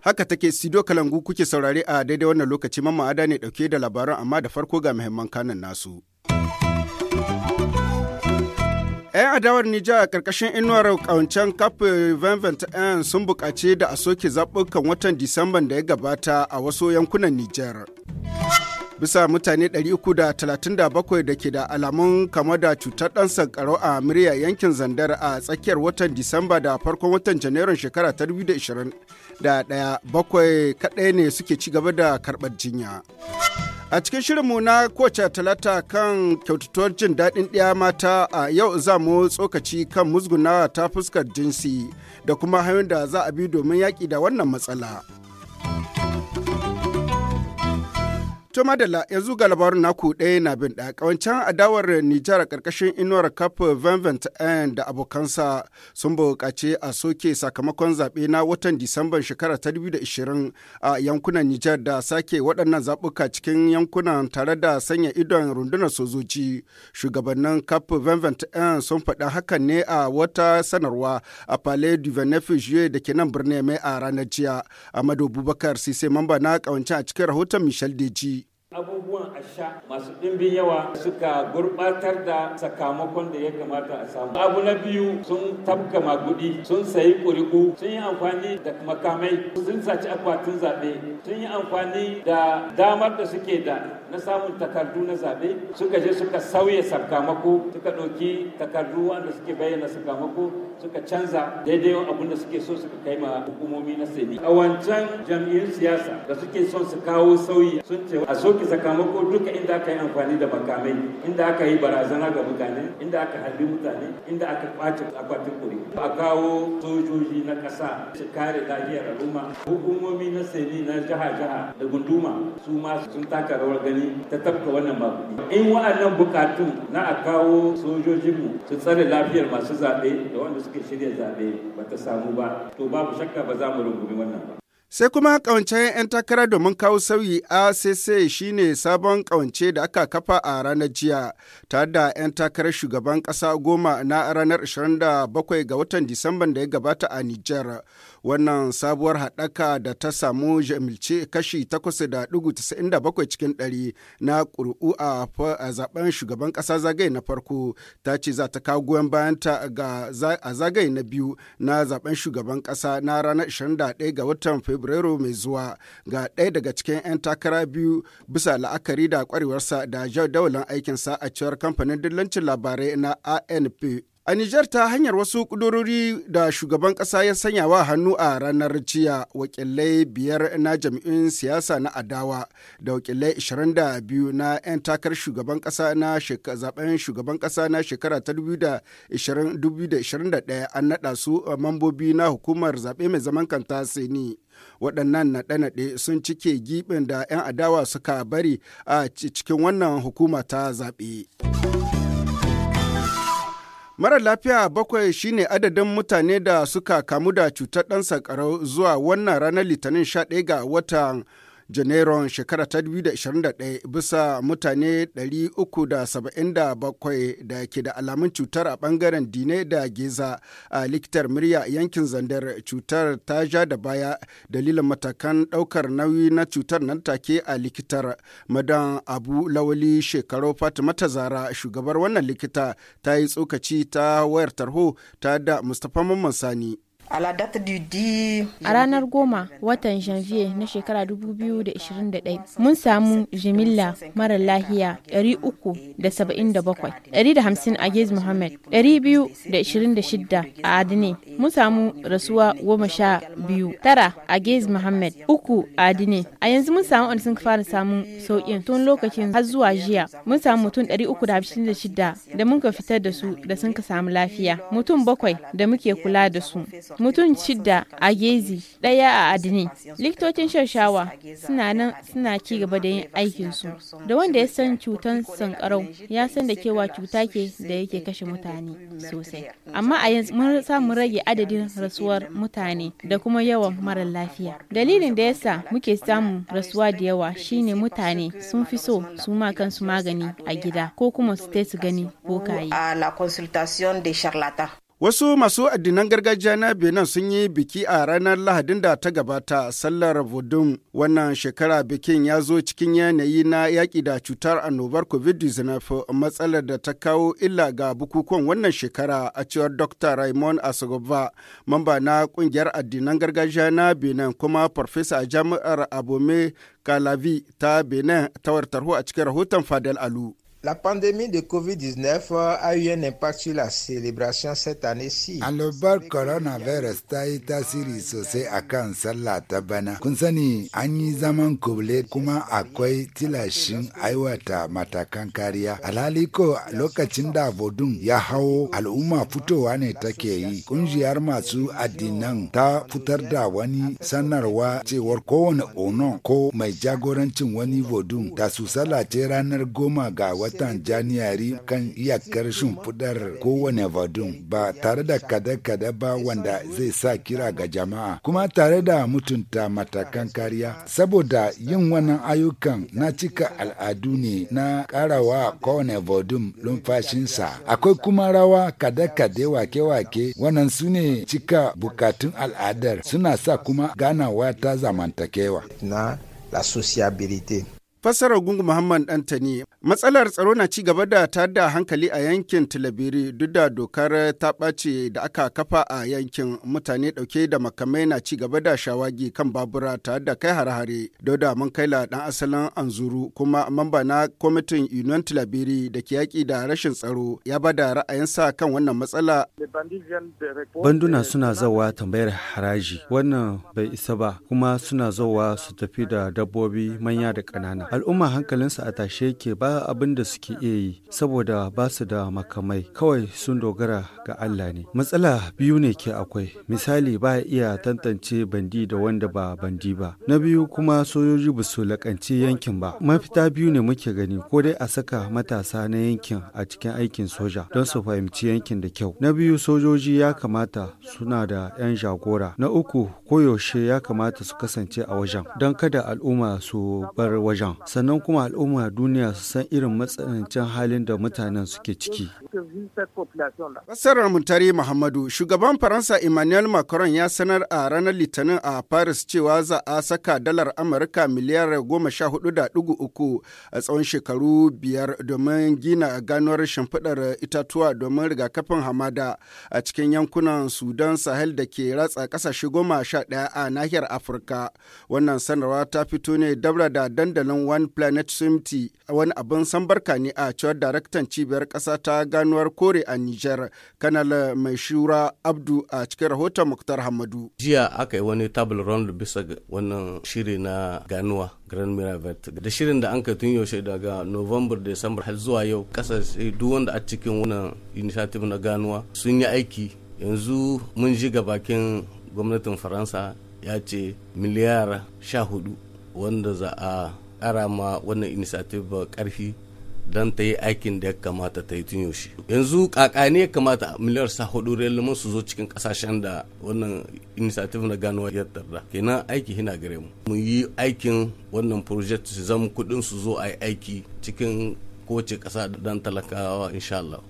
haka take sido kalangu kuke saurare a daidai wannan lokaci mamma ada ne dauke da labaran amma da farko ga muhimman kanan nasu 'yan adawar Nijar a ƙarƙashin inuwar ƙawancen CAP 2021 sun buƙaci da a soke zaɓukan watan Disamban da ya gabata a wasu yankunan Nijar. bisa mutane 337 da ke da alamun kama da cutar ɗan sankarau a murya yankin zandar a tsakiyar watan disamba da farkon watan janairun shekara ta ɗaya bakwai kaɗai ne suke ci gaba da karɓar jinya. A cikin shirinmu na kowace talata kan kyautatuwar jin daɗin ɗaya mata a yau za mu tsokaci kan musgunawa ta fuskar jinsi da kuma hanyoyin da za a bi domin yaƙi da wannan matsala. To madalla yanzu ga labarin naku ɗaya na bin ɗaya ƙawancen adawar Nijar ƙarƙashin inuwar CAP Venvent N da abokansa sun buƙaci a soke sakamakon zaɓe na watan Disamban shekara ta 2020 a yankunan Nijar da sake waɗannan zaɓuka cikin yankunan tare da sanya idon rundunar sojoji. Shugabannin CAP Venvent N sun faɗa hakan ne a wata sanarwa a Palais du Venefugier da ke nan birnin mai a ranar jiya. Amadu Bubakar Sise mamba na ƙawancen a cikin rahoton Michel Deji. abubuwan a sha masu ɗimbin yawa suka gurɓatar da sakamakon da ya kamata a samu abu na biyu sun tabka magudi sun sayi ƙuri'u sun yi amfani da makamai sun saci akwatin zaɓe sun yi amfani da damar da suke da na samun takardu na zaɓe suka je suka sauya sakamako suka ɗauki takardu wanda suke bayyana sakamako suka canza daidai abin da suke so suka kai ma hukumomi na sani a wancan jam'iyyun siyasa da suke son su kawo sauyi sun ce a soke sakamako sakamako duka inda aka yi amfani da makamai inda aka yi barazana ga mutane inda aka harbi mutane inda aka kwace akwatin kuri a kawo sojoji na ƙasa su kare lafiyar al'umma hukumomi na sani na jaha jiha da gunduma su ma sun taka rawar gani ta tafka wannan maguɗi in wa'annan bukatu na a kawo sojojinmu su tsare lafiyar masu zaɓe da wanda suke shirya zaɓe ba ta samu ba to babu shakka ba za mu rungumi wannan ba Sai kuma ƙawancen 'yan takara domin kawo sauyi a ACC shine sabon ƙawance da aka kafa a ranar jiya, tare da 'yan takarar shugaban ƙasa goma na ranar 27 ga watan Disamban da ya gabata a Nijar. wannan sabuwar haɗaka da ta samu jamilce kashi 8.97 cikin 100 na ƙuri'u a zaben shugaban ƙasa zagaye na farko ta ce za ta kawo goyon bayanta a zagaye na biyu na zaben shugaban ƙasa na ranar 21 ga watan fabrairu mai zuwa ga ɗaya daga cikin 'yan takara biyu bisa la'akari da kwarewarsa da jadawalin aikinsa a cewar kamfanin dillancin labarai na anp A Nijar ta hanyar wasu ƙudurori da shugaban ƙasa ya sanya wa hannu a ranar jiya wakilai biyar na jam'in siyasa na adawa da wakilai 22 na 'yan takar shugaban ƙasa na zaben shugaban ƙasa na shekara ta 2021 an naɗa su uh, mambobi na hukumar zaɓe mai zaman kanta seni. waɗannan naɗe-naɗe sun cike giɓin da 'yan adawa suka bari a cikin wannan hukuma ta zaɓe. Mara lafiya bakwai shine adadin mutane da suka kamu da cutar ɗan sankarau zuwa wannan ranar Litinin 11 ga watan janairun shekara ta 2021 bisa mutane 377 da ke da alamun cutar a bangaren dine da geza a likitar murya yankin zandar cutar ta ja da baya dalilin matakan daukar nauyi na cutar nan take a likitar madan abu lawali shekaru fatimata zara shugabar wannan likita ta yi tsokaci ta wayar tarho ta da mustapha mamman sani A ranar goma watan janvier na shekara 2021 mun samu jimilla mara lahiya 377, 150 a Gez Muhammad, 226 a Adine, mun samu rasuwa goma sha biyu, tara a Gez Muhammad, uku a Adine. A yanzu mun samu wani sun fara samun sauƙin tun lokacin har zuwa jiya mun samu mutum 356 da mun ka fitar da su da sun ka samu lafiya, mutum bakwai da muke kula da su. mutum shida a gezi ɗaya a adini likitocin shashawa suna nan suna ci gaba da yin aikinsu da wanda ya san cutar sankarau ya san da kewa cuta ke da yake kashe mutane sosai amma a yanzu mun samu rage adadin rasuwar mutane da kuma yawan mara lafiya dalilin da yasa muke samun rasuwa da yawa shine mutane sun fi so su ma kansu magani a gida ko kuma su su gani bokaye Wasu masu addinan gargajiya na Benin sun yi biki a ranar Lahadin da ta gabata sallar Vodun wannan shekara bikin ya zo cikin yanayi na yaƙi da cutar annobar COVID-19 matsalar da ta kawo illa ga bukukuwan wannan shekara a cewar Dr. Raymond Asogba, mamba na ƙungiyar addinan gargajiya na Benin kuma farfesa a jami'ar Abome Kalavi ta Benin ta a cikin rahoton Fadel Alu. La pandémie de COVID-19 euh, a eu un impact sur la célébration cette année-ci. le bar ta yi tasiri sosai a kan sallah ta bana. Kun sani an zaman kuma akwai tilashin aiwata matakan kariya. Alaliko, ko lokacin da vodun ya hawo al'umma fitowa ne take yi. masu adinang ta futarda da wani sanarwa cewar kowane ono ko mai jagorancin wani vodun da su sallace ranar goma ga watan janiyari kan iyakar shimfidar kowane vadun ba tare da kada-kada ba wanda zai sa kira ga jama'a kuma tare da mutunta matakan kariya saboda yin wannan ayyukan na cika al'adu ne na karawa kowane vadun lumfashinsa akwai kuma rawa kada-kade wake-wake wannan su ne cika bukatun al'adar suna sa kuma ganawa ta zamantakewa na la sociabilité Gungu Muhammad Dantani Matsalar tsaro na ci gaba da tada hankali a yankin Tilabiri duk da dokar ta ɓace da aka kafa a yankin mutane ɗauke da makamai na ci gaba da shawagi kan babura tare da kai hare-hare. da mun la dan asalin anzuru kuma mamba na kwamitin Union Tilabiri da ke yaƙi da rashin tsaro ya ba da ra'ayinsa kan wannan matsala. Banduna suna zawa tambayar haraji wannan bai isa ba kuma suna zawa su tafi da dabbobi manya da ƙanana. Al'umma hankalinsa a tashe ke ba ba abin da suke iya yi saboda ba su da makamai kawai sun dogara ga Allah ne. Matsala biyu ne ke akwai misali ba iya tantance bandi da wanda ba bandi ba. Na biyu kuma sojoji ba su lakanci yankin ba. Mafita biyu ne muke gani ko dai a saka matasa na yankin a cikin aikin soja don su fahimci yankin da kyau. Na biyu sojoji ya kamata suna da 'yan jagora. Na uku koyaushe ya kamata su kasance a wajen don kada al'umma su bar wajen sannan kuma al'umma duniya su san irin matsanancin halin da mutanen suke ciki. Fassarar Muntari Muhammadu, shugaban Faransa Emmanuel Macron ya sanar a ranar Litinin a Paris cewa za a saka dalar Amurka miliyar goma sha hudu da dugu uku a tsawon shekaru biyar domin gina ganuwar shimfiɗar itatuwa domin rigakafin hamada a cikin yankunan Sudan Sahel da ke ratsa kasashe goma sha ɗaya a nahiyar Afirka. Wannan sanarwa ta fito ne dabra da dandalin One Planet Summit wani abu abin sambarka ne a cewar daraktan cibiyar ƙasa ta ganuwar kore a Nijar, kanal mai shura Abdu a cikin rahoton Muktar Hamadu. Jiya aka yi wani table round bisa wannan shiri na ganuwa Grand Miravet. Da shirin da an ka tun yaushe daga November, December har zuwa yau kasashe duk wanda a cikin wannan initiative na ganuwa sun yi aiki yanzu mun ji ga bakin gwamnatin Faransa ya ce miliyar sha hudu wanda za a kara ma wannan initiative ƙarfi don ta yi aikin da ya kamata ta yi tun yaushe yanzu kaka ne ya kamata miliyar sa hudu relman su zo cikin kasashen da wannan initiative na gano ya tarda kenan aiki hina gare mu mu yi aikin wannan project su zama kudin su zo a yi aiki cikin kowace kasa don talakawa insha Allah.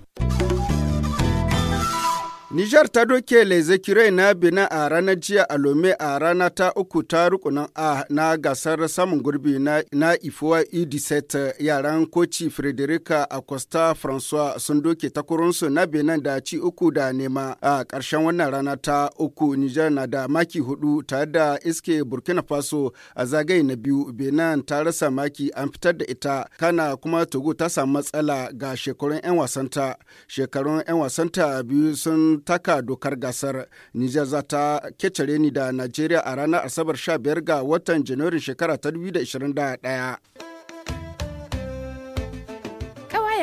Nijar ta doke Lezekirai na Benin a ranar jiya a Lome a rana ta uku ta rukunin A na gasar samun gurbi na, na Ifuwa Idiset yaran koci Frederica Acosta Francois sun doke takurunsu na Benin da ci uku da nema a ƙarshen wannan rana ta uku Nijar na da maki hudu tare da iske Burkina Faso a zagaye na biyu Benin ta rasa maki an fitar da ita kana kuma Togo ta samu matsala ga shekarun 'yan wasanta shekarun 'yan wasanta biyu sun taka dokar gasar. Nijar za ta kecare ni da Najeriya a ranar Asabar 15 ga watan Janairun shekara ta 2021.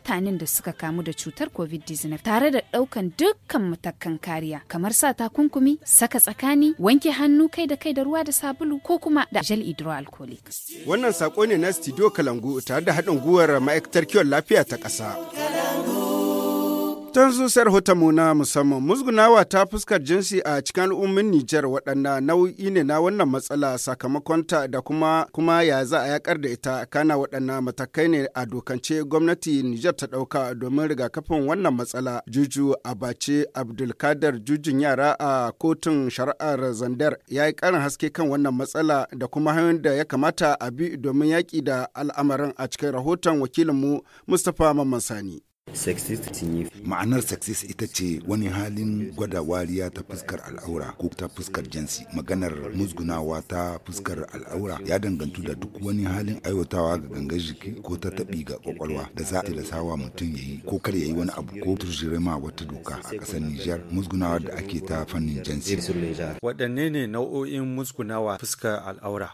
mutanen da suka kamu da cutar covid-19 tare da ɗaukan dukkan matakan kariya kamar sa takunkumi saka tsakani wanke hannu kai da kai da ruwa da sabulu ko kuma da gel hydroalcoholic wannan sako ne na studio kalangu tare da haɗin guwar ma'aikatar kiwon lafiya ta ƙasa. Tun zusar mu na musamman musgunawa ta fuskar jinsi a cikin al'ummin Nijar waɗanda nau'i ne na wannan matsala sakamakon ta da kuma kuma ya za a yakar da ita kana waɗanda matakai ne a dokance gwamnati Nijar ta ɗauka domin rigakafin wannan matsala. Juju Abace Abdulkadir jujun yara a kotun shari'ar Zandar ya yi ƙarin haske kan wannan matsala da kuma hanyoyin da ya kamata a bi domin yaƙi da al'amarin a cikin rahoton wakilinmu Mustapha Mamman Sani. Ma'anar sexist ita ce wani halin gwada wariya ta fuskar al'aura ko ta fuskar jinsi. Maganar musgunawa ta fuskar al'aura ya dangantu da duk wani halin aiwatawa ga gangar jiki ko ta tabi ga kwakwalwa da za a sawa mutum ya yi ko kar ya yi wani abu ko ma wata doka a ƙasar Nijar musgunawa da ake ta fannin jinsi. Waɗanne ne nau'o'in musgunawa fuskar al'aura?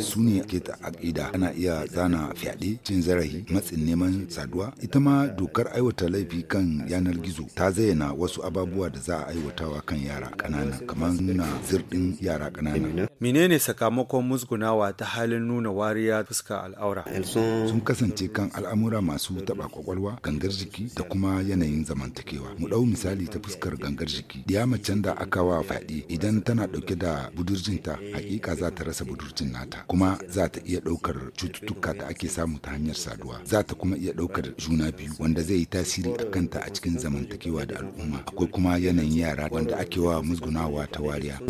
Su ne ke ta aƙida ana iya zana fyaɗe, cin zarafi, matsin neman saduwa, ita ma doka dokar aiwata laifi kan yanar gizo ta zayyana wasu ababuwa da za a aiwatawa kan yara kanana kamar nuna zirɗin yara kanana Menene sakamakon musgunawa ta halin nuna wariya fuska al'aura? Sun kasance kan al'amura masu taɓa kwakwalwa, gangar jiki da kuma yanayin zamantakewa. Mu ɗau misali ta fuskar gangar jiki. diyama macen da aka wa faɗi idan tana ɗauke da budurjinta hakika za ta rasa budurjin nata kuma za ta iya ɗaukar cututtuka da ake samu ta hanyar saduwa. Za ta kuma iya ɗaukar juna biyu wanda da zai yi tasiri a kanta a cikin zamantakewa da al'umma akwai kuma yanayin yara wanda ake wa musgunawa ta wariya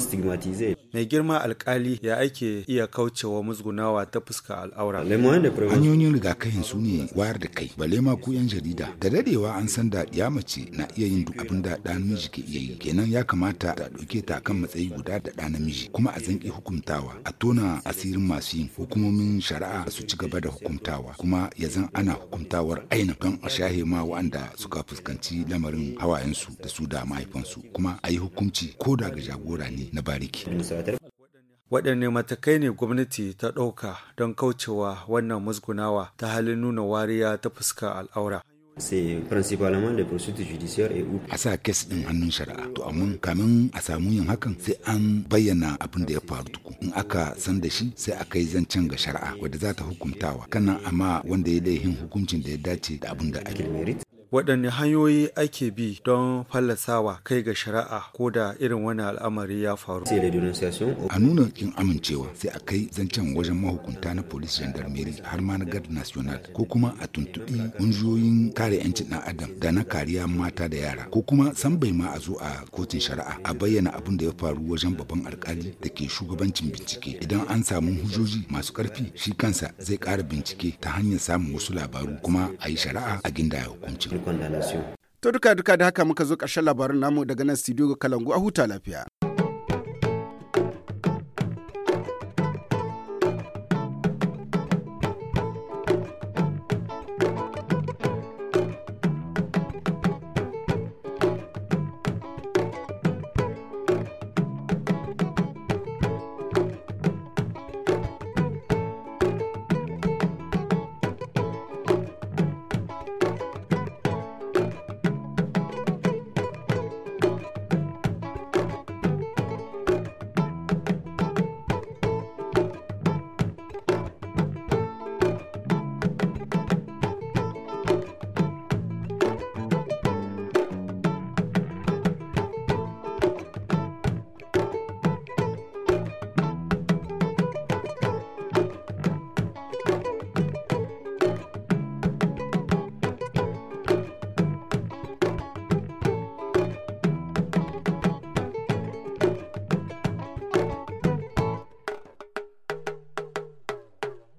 mai girma alkali ya ake iya kaucewa musgunawa ta fuska al'aura hanyoyin rigakafin su ne wayar da kai bale ma ku yan jarida da dadewa an san da ya mace na iya yin duk abin da ɗan namiji ke iya yi kenan ya kamata a ɗauke ta kan matsayi guda da ɗan namiji kuma a zanki hukuntawa a tona asirin masu yin hukumomin shari'a su ci gaba da hukuntawa kuma ya zan ana hukuntawar aina don a shahe ma wa'anda suka fuskanci lamarin hawayensu da su da mahaifansu kuma a yi hukunci ko da ga jagora ne na bariki. waɗanne matakai ne gwamnati ta ɗauka don kaucewa wannan musgunawa ta halin nuna wariya ta fuska al'aura sai principalement da pursuit judiciaire et a sa kes ɗin hannun shari'a to amma kamin a samu yin hakan sai an bayyana abin da ya faru tuku in aka san da shi sai aka yi zancen ga shari'a wadda za ta hukuntawa kana amma wanda ya laifin hukuncin da ya dace da abin da ake waɗanne hanyoyi ake bi don fallasawa kai ga shari'a ko da irin wani al'amari ya faru. A nuna kin amincewa sai a kai zancen wajen mahukunta na polis gendarmerie har ma na gard national ko kuma a tuntubi ƙungiyoyin kare 'yancin ɗan adam da na kariya mata da yara ko kuma san bai ma a zo a kotun shari'a a bayyana abin da ya faru wajen babban alkali da ke shugabancin bincike idan an samu hujjoji masu ƙarfi shi kansa zai ƙara bincike ta hanyar samun wasu labaru kuma a yi shari'a a gindaya hukuncin. nasiyo. To duka duka da haka muka zo karshen labarin namu daga nan studio Kalangu a huta lafiya.